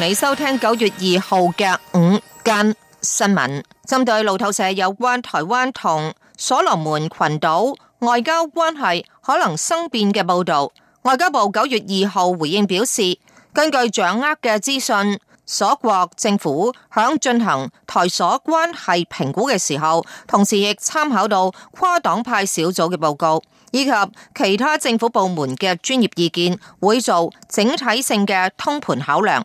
同你收聽九月二號嘅午間新聞，針對路透社有關台灣同所羅門群島外交關係可能生變嘅報道，外交部九月二號回應表示，根據掌握嘅資訊，所國政府響進行台所關係評估嘅時候，同時亦參考到跨黨派小組嘅報告，以及其他政府部門嘅專業意見，會做整體性嘅通盤考量。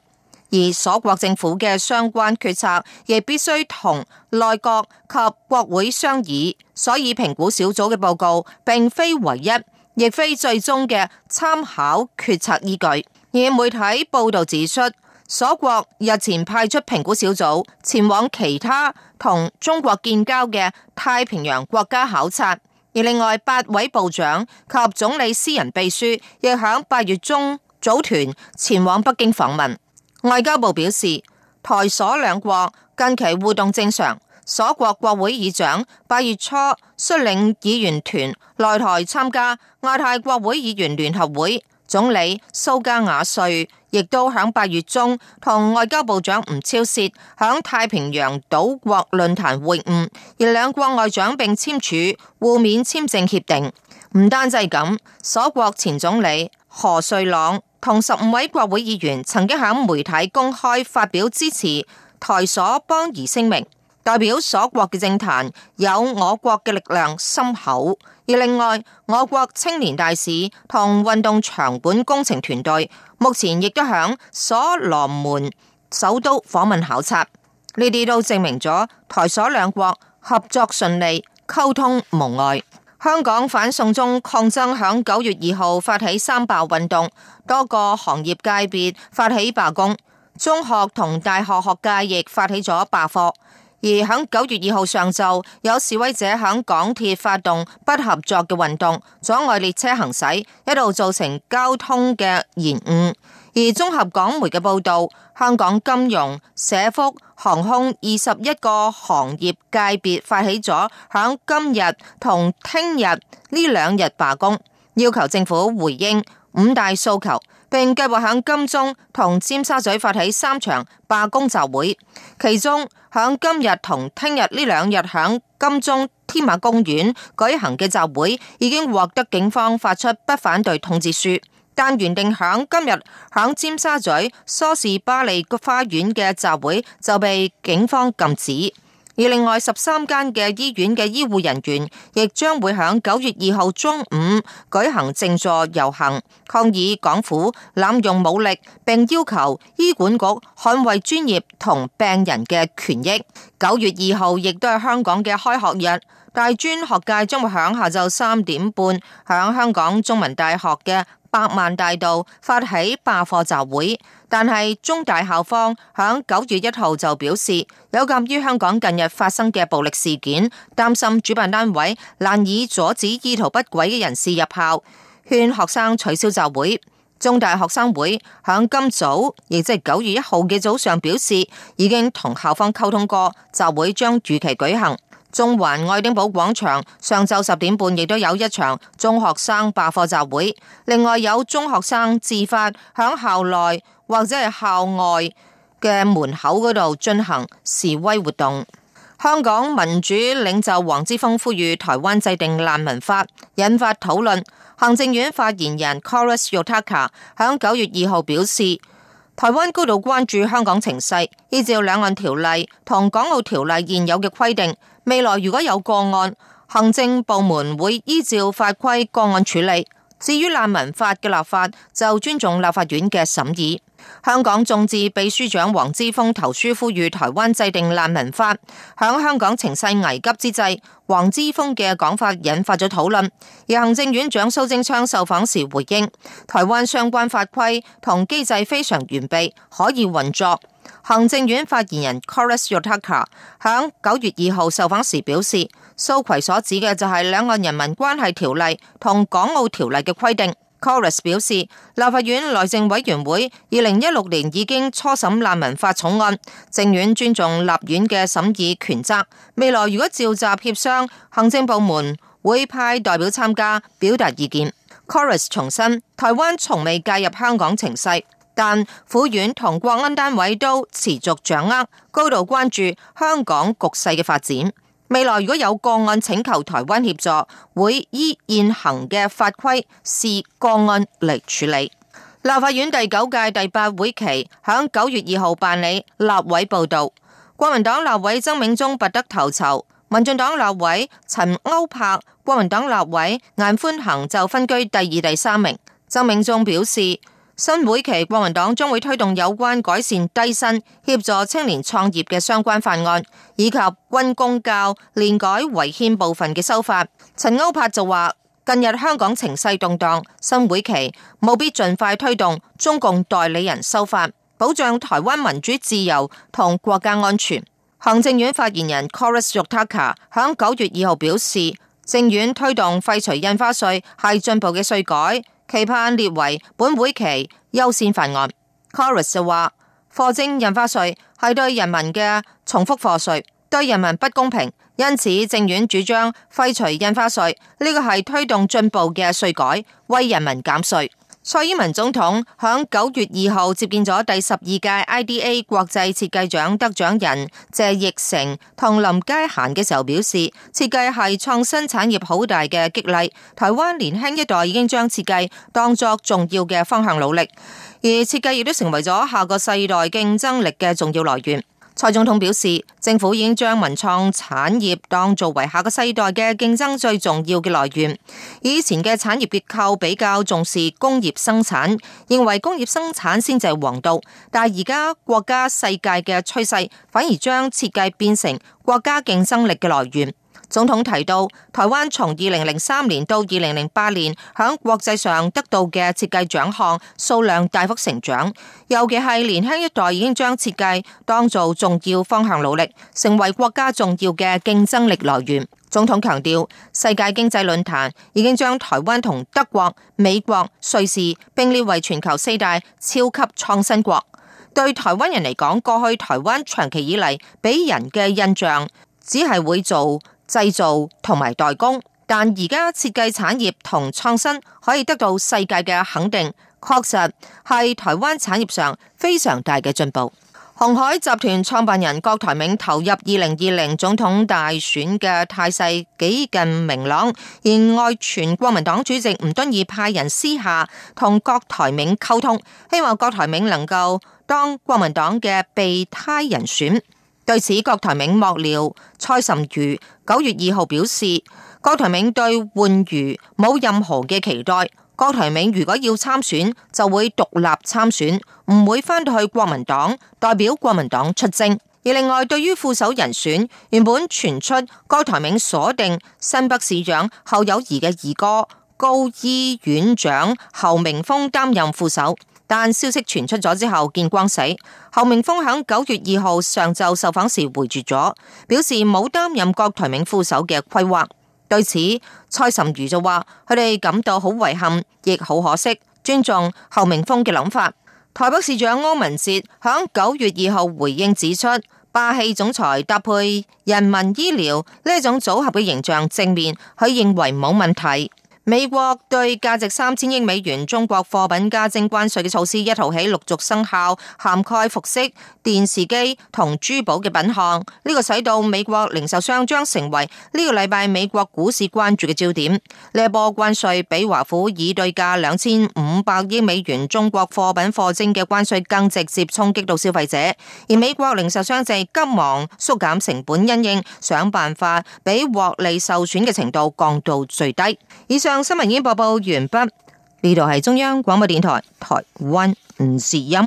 而索國政府嘅相關決策亦必須同內閣及國會商議，所以評估小組嘅報告並非唯一，亦非最終嘅參考決策依據。而媒體報道指出，索國日前派出評估小組前往其他同中國建交嘅太平洋國家考察，而另外八位部長及總理私人秘書亦喺八月中組團前往北京訪問。外交部表示，台索兩國近期互動正常。索國國會議長八月初率領議員團來台參加亞太國會議員聯合會，總理蘇加瓦瑞亦都響八月中同外交部長吳超涉響太平洋島國論壇會晤，而兩國外長並簽署互免簽證協定。唔單止咁，索國前總理何瑞朗，同十五位國會議員曾經喺媒體公開發表支持台索邦誼聲明，代表索國嘅政壇有我國嘅力量深厚。而另外，我國青年大使同運動場館工程團隊目前亦都喺索羅門首都訪問考察，呢啲都證明咗台索兩國合作順利，溝通無礙。香港反送中抗爭響九月二號發起三罷運動，多個行業界別發起罷工，中學同大學學界亦發起咗罷課。而喺九月二號上晝，有示威者喺港鐵發動不合作嘅運動，阻礙列車行駛，一度造成交通嘅延誤。而綜合港媒嘅報導，香港金融、社福、航空二十一個行業界別發起咗響今日同聽日呢兩日罷工，要求政府回應五大訴求，並計劃響金鐘同尖沙咀發起三場罷工集會。其中響今日同聽日呢兩日響金鐘天馬公園舉行嘅集會，已經獲得警方發出不反對通知書。但原定響今日響尖沙咀梳士巴利花園嘅集會就被警方禁止，而另外十三間嘅醫院嘅醫護人員亦將會響九月二號中午舉行靜坐遊行，抗議港府濫用武力，並要求醫管局捍衛專，專業同病人嘅權益。九月二號亦都係香港嘅開學日。大專學界將會響下晝三點半響香港中文大學嘅百萬大道發起罷課集會，但係中大校方響九月一號就表示，有鑒於香港近日發生嘅暴力事件，擔心主辦單位難以阻止意圖不軌嘅人士入校，勸學生取消集會。中大學生會響今早，亦即係九月一號嘅早上表示，已經同校方溝通過，集會將如期舉行。中環愛丁堡廣場上晝十點半亦都有一場中學生罷課集會，另外有中學生自發響校內或者係校外嘅門口嗰度進行示威活動。香港民主領袖黃之鋒呼籲台灣制定難民法，引發討論。行政院發言人 Kolas Yotaka 響九月二號表示。台灣高度關注香港情勢，依照《兩岸條例》同《港澳條例》現有嘅規定，未來如果有個案，行政部門會依照法規個案處理。至於難民法嘅立法，就尊重立法院嘅審議。香港眾志秘書長黃之鋒投書呼籲台灣制定難民法。響香港情勢危急之際，黃之鋒嘅講法引發咗討論。而行政院長蘇貞昌受訪時回應，台灣相關法規同機制非常完備，可以運作。行政院發言人 Kolas Yotaka 響九月二號受訪時表示，蘇揆所指嘅就係兩岸人民關係條例同港澳條例嘅規定。Koris 表示，立法院內政委員會二零一六年已經初審難民法草案，政院尊重立院嘅審議權責。未來如果召集協商，行政部門會派代表參加表達意見。Koris 重申，台灣從未介入香港情勢，但府院同國安單位都持續掌握、高度關注香港局勢嘅發展。未來如果有個案請求台灣協助，會依現行嘅法規視個案嚟處理。立法院第九屆第八會期響九月二號辦理立委報道，國民黨立委曾銘宗拔得頭籌，民進黨立委陳歐柏、國民黨立委顏寬恒就分居第二、第三名。曾銘宗表示。新會期國民黨將會推動有關改善低薪、協助青年創業嘅相關法案，以及軍公教練改違憲部分嘅修法。陳歐柏就話：近日香港情勢動蕩，新會期務必盡快推動中共代理人修法，保障台灣民主自由同國家安全。行政院發言人 Kolas Yotaka 響九月二號表示，政院推動廢除印花稅係進步嘅稅改。期盼列為本會期優先法案。Corus 就話：課徵印花稅係對人民嘅重複課稅，對人民不公平，因此政院主張廢除印花稅。呢個係推動進步嘅稅改，為人民減稅。蔡英文總統響九月二號接見咗第十二屆 IDA 國際設計獎得獎人謝奕成同林佳嫻嘅時候，表示設計係創新產業好大嘅激勵。台灣年輕一代已經將設計當作重要嘅方向努力，而設計亦都成為咗下個世代競爭力嘅重要來源。蔡總統表示，政府已經將文創產業當作為下個世代嘅競爭最重要嘅來源。以前嘅產業結構比較重視工業生產，認為工業生產先至係王道。但係而家國家世界嘅趨勢，反而將設計變成國家競爭力嘅來源。總統提到，台灣從二零零三年到二零零八年，響國際上得到嘅設計獎項數量大幅成長，尤其係年輕一代已經將設計當做重要方向努力，成為國家重要嘅競爭力來源。總統強調，世界經濟論壇已經將台灣同德國、美國、瑞士並列為全球四大超級創新國。對台灣人嚟講，過去台灣長期以來俾人嘅印象，只係會做。製造同埋代工，但而家設計產業同創新可以得到世界嘅肯定，確實係台灣產業上非常大嘅進步。鴻海集團創辦人郭台銘投入二零二零總統大選嘅態勢幾近明朗，而外，全國民黨主席吳敦義派人私下同郭台銘溝通，希望郭台銘能夠當國民黨嘅備胎人選。對此，郭台銘幕僚蔡甚如九月二號表示，郭台銘對換瑜冇任何嘅期待。郭台銘如果要參選，就會獨立參選，唔會翻到去國民黨代表國民黨出征。而另外，對於副手人選，原本傳出郭台銘鎖定新北市長侯友宜嘅二哥高醫院長侯明峰擔任副手。但消息傳出咗之後，見光死。侯明鋒響九月二號上晝受訪時回絕咗，表示冇擔任郭台銘副手嘅規劃。對此，蔡沁瑜就話佢哋感到好遺憾，亦好可惜，尊重侯明鋒嘅諗法。台北市長柯文哲響九月二號回應指出，霸氣總裁搭配人民醫療呢一種組合嘅形象正面，佢認為冇問題。美國對價值三千億美元中國貨品加徵關稅嘅措施一淘起陸續生效，涵蓋服飾、電視機同珠寶嘅品項。呢、這個使到美國零售商將成為呢個禮拜美國股市關注嘅焦點。呢一波關稅比華府已對價兩千五百億美元中國貨品課徵嘅關稅更直接衝擊到消費者，而美國零售商正急忙縮減成本，因應想辦法俾獲利受損嘅程度降到最低。以上。新聞已經播報完畢，呢度係中央廣播電台台灣午時音。